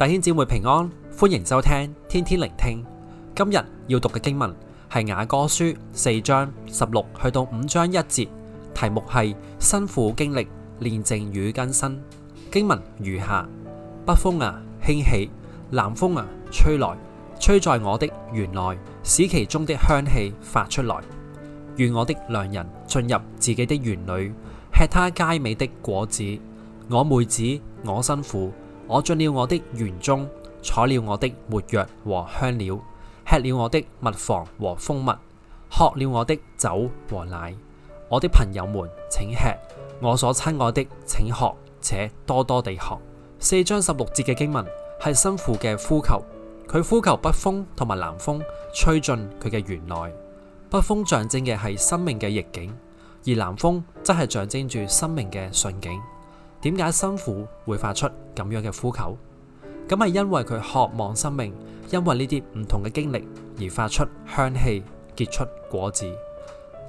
弟兄姊妹平安，歡迎收聽天天靈聽。今日要讀嘅經文係雅歌書四章十六去到五章一節，題目係新婦經歷煉淨與更新。經文如下：北風啊興起，南風啊吹來，吹在我的園內，使其中的香氣發出來。願我的良人進入自己的園裏，吃他佳美的果子。我妹子，我新婦。我進了我的園中，採了我的沒藥和香料，吃了我的蜜房和蜂蜜，喝了我的酒和奶。我的朋友們，請吃，我所親愛的，請喝，且多多地喝。四章十六節嘅經文係新婦嘅呼求，佢呼求北風同埋南風吹進佢嘅園內。北風象徵嘅係生命嘅逆境，而南風則係象徵住生命嘅順境。點解新婦會發出咁樣嘅呼求？咁係因為佢渴望生命，因為呢啲唔同嘅經歷而發出香氣，結出果子。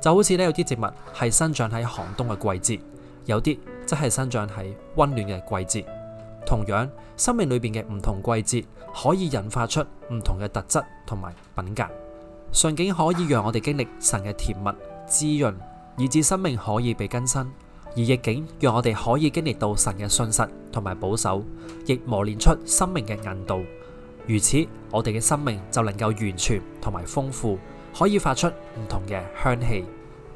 就好似呢，有啲植物係生長喺寒冬嘅季節，有啲則係生長喺溫暖嘅季節。同樣，生命裏邊嘅唔同季節可以引發出唔同嘅特質同埋品格。順境可以讓我哋經歷神嘅甜蜜滋潤，以至生命可以被更新。而逆境讓我哋可以經歷到神嘅信實同埋保守，亦磨練出生命嘅韌度。如此，我哋嘅生命就能夠完全同埋豐富，可以發出唔同嘅香氣。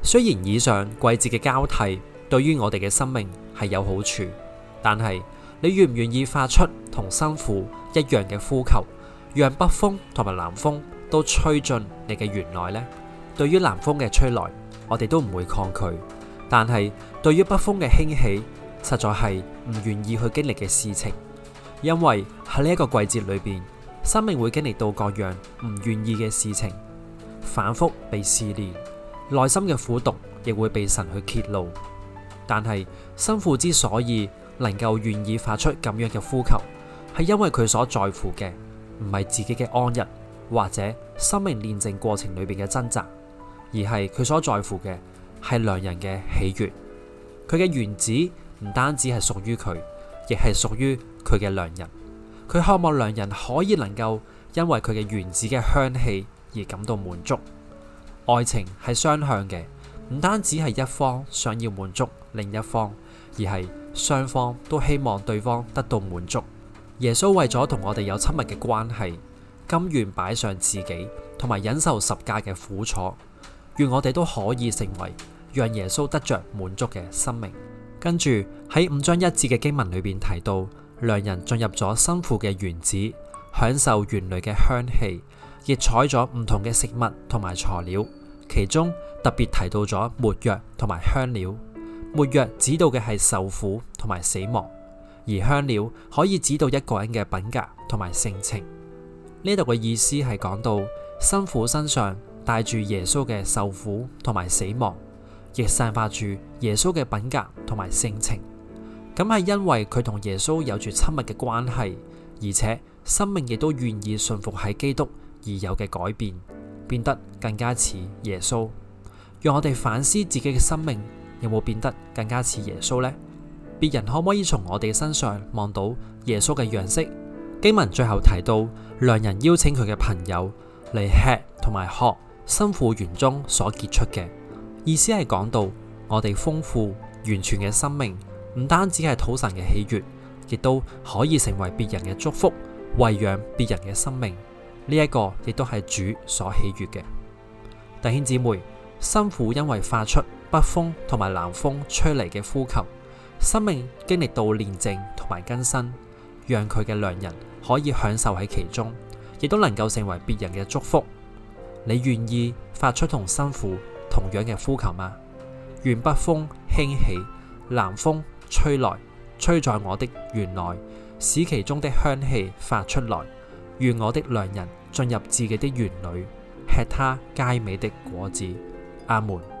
雖然以上季節嘅交替對於我哋嘅生命係有好處，但係你願唔願意發出同新婦一樣嘅呼求，讓北風同埋南風都吹進你嘅園內呢？對於南風嘅吹來，我哋都唔會抗拒。但係，對於北風嘅興起，實在係唔願意去經歷嘅事情，因為喺呢一個季節裏邊，生命會經歷到各樣唔願意嘅事情，反覆被試煉，內心嘅苦毒亦會被神去揭露。但係，新婦之所以能夠願意發出咁樣嘅呼求，係因為佢所在乎嘅唔係自己嘅安逸，或者生命煉淨過程裏邊嘅掙扎，而係佢所在乎嘅。係良人嘅喜悅，佢嘅園子唔單止係屬於佢，亦係屬於佢嘅良人。佢渴望良人可以能夠因為佢嘅園子嘅香氣而感到滿足。愛情係雙向嘅，唔單止係一方想要滿足另一方，而係雙方都希望對方得到滿足。耶穌為咗同我哋有親密嘅關係，甘願擺上自己，同埋忍受十架嘅苦楚。願我哋都可以成為。讓耶穌得着滿足嘅生命，跟住喺五章一節嘅經文裏邊提到，良人進入咗新婦嘅園子，享受園內嘅香氣，亦採咗唔同嘅食物同埋材料，其中特別提到咗沒藥同埋香料。沒藥指到嘅係受苦同埋死亡，而香料可以指到一個人嘅品格同埋性情。呢度嘅意思係講到新婦身上帶住耶穌嘅受苦同埋死亡。亦散發住耶穌嘅品格同埋性情，咁係因為佢同耶穌有住親密嘅關係，而且生命亦都願意順服喺基督而有嘅改變，變得更加似耶穌。讓我哋反思自己嘅生命有冇變得更加似耶穌呢？別人可唔可以從我哋身上望到耶穌嘅樣式？經文最後提到，良人邀請佢嘅朋友嚟吃同埋喝，新婦園中所結出嘅。意思係講到，我哋豐富完全嘅生命，唔單止係討主嘅喜悅，亦都可以成為別人嘅祝福，餵養別人嘅生命。呢、這、一個亦都係主所喜悅嘅。弟兄姊妹，新婦因為發出北風同埋南風吹嚟嘅呼求，生命經歷到煉淨同埋更新，讓佢嘅良人可以享受喺其中，亦都能夠成為別人嘅祝福。你願意發出同新婦同樣嘅呼求嘛，願北風興起，南風吹來，吹在我的園內，使其中的香氣發出來，願我的良人進入自己的園裏，吃他佳美的果子。阿門。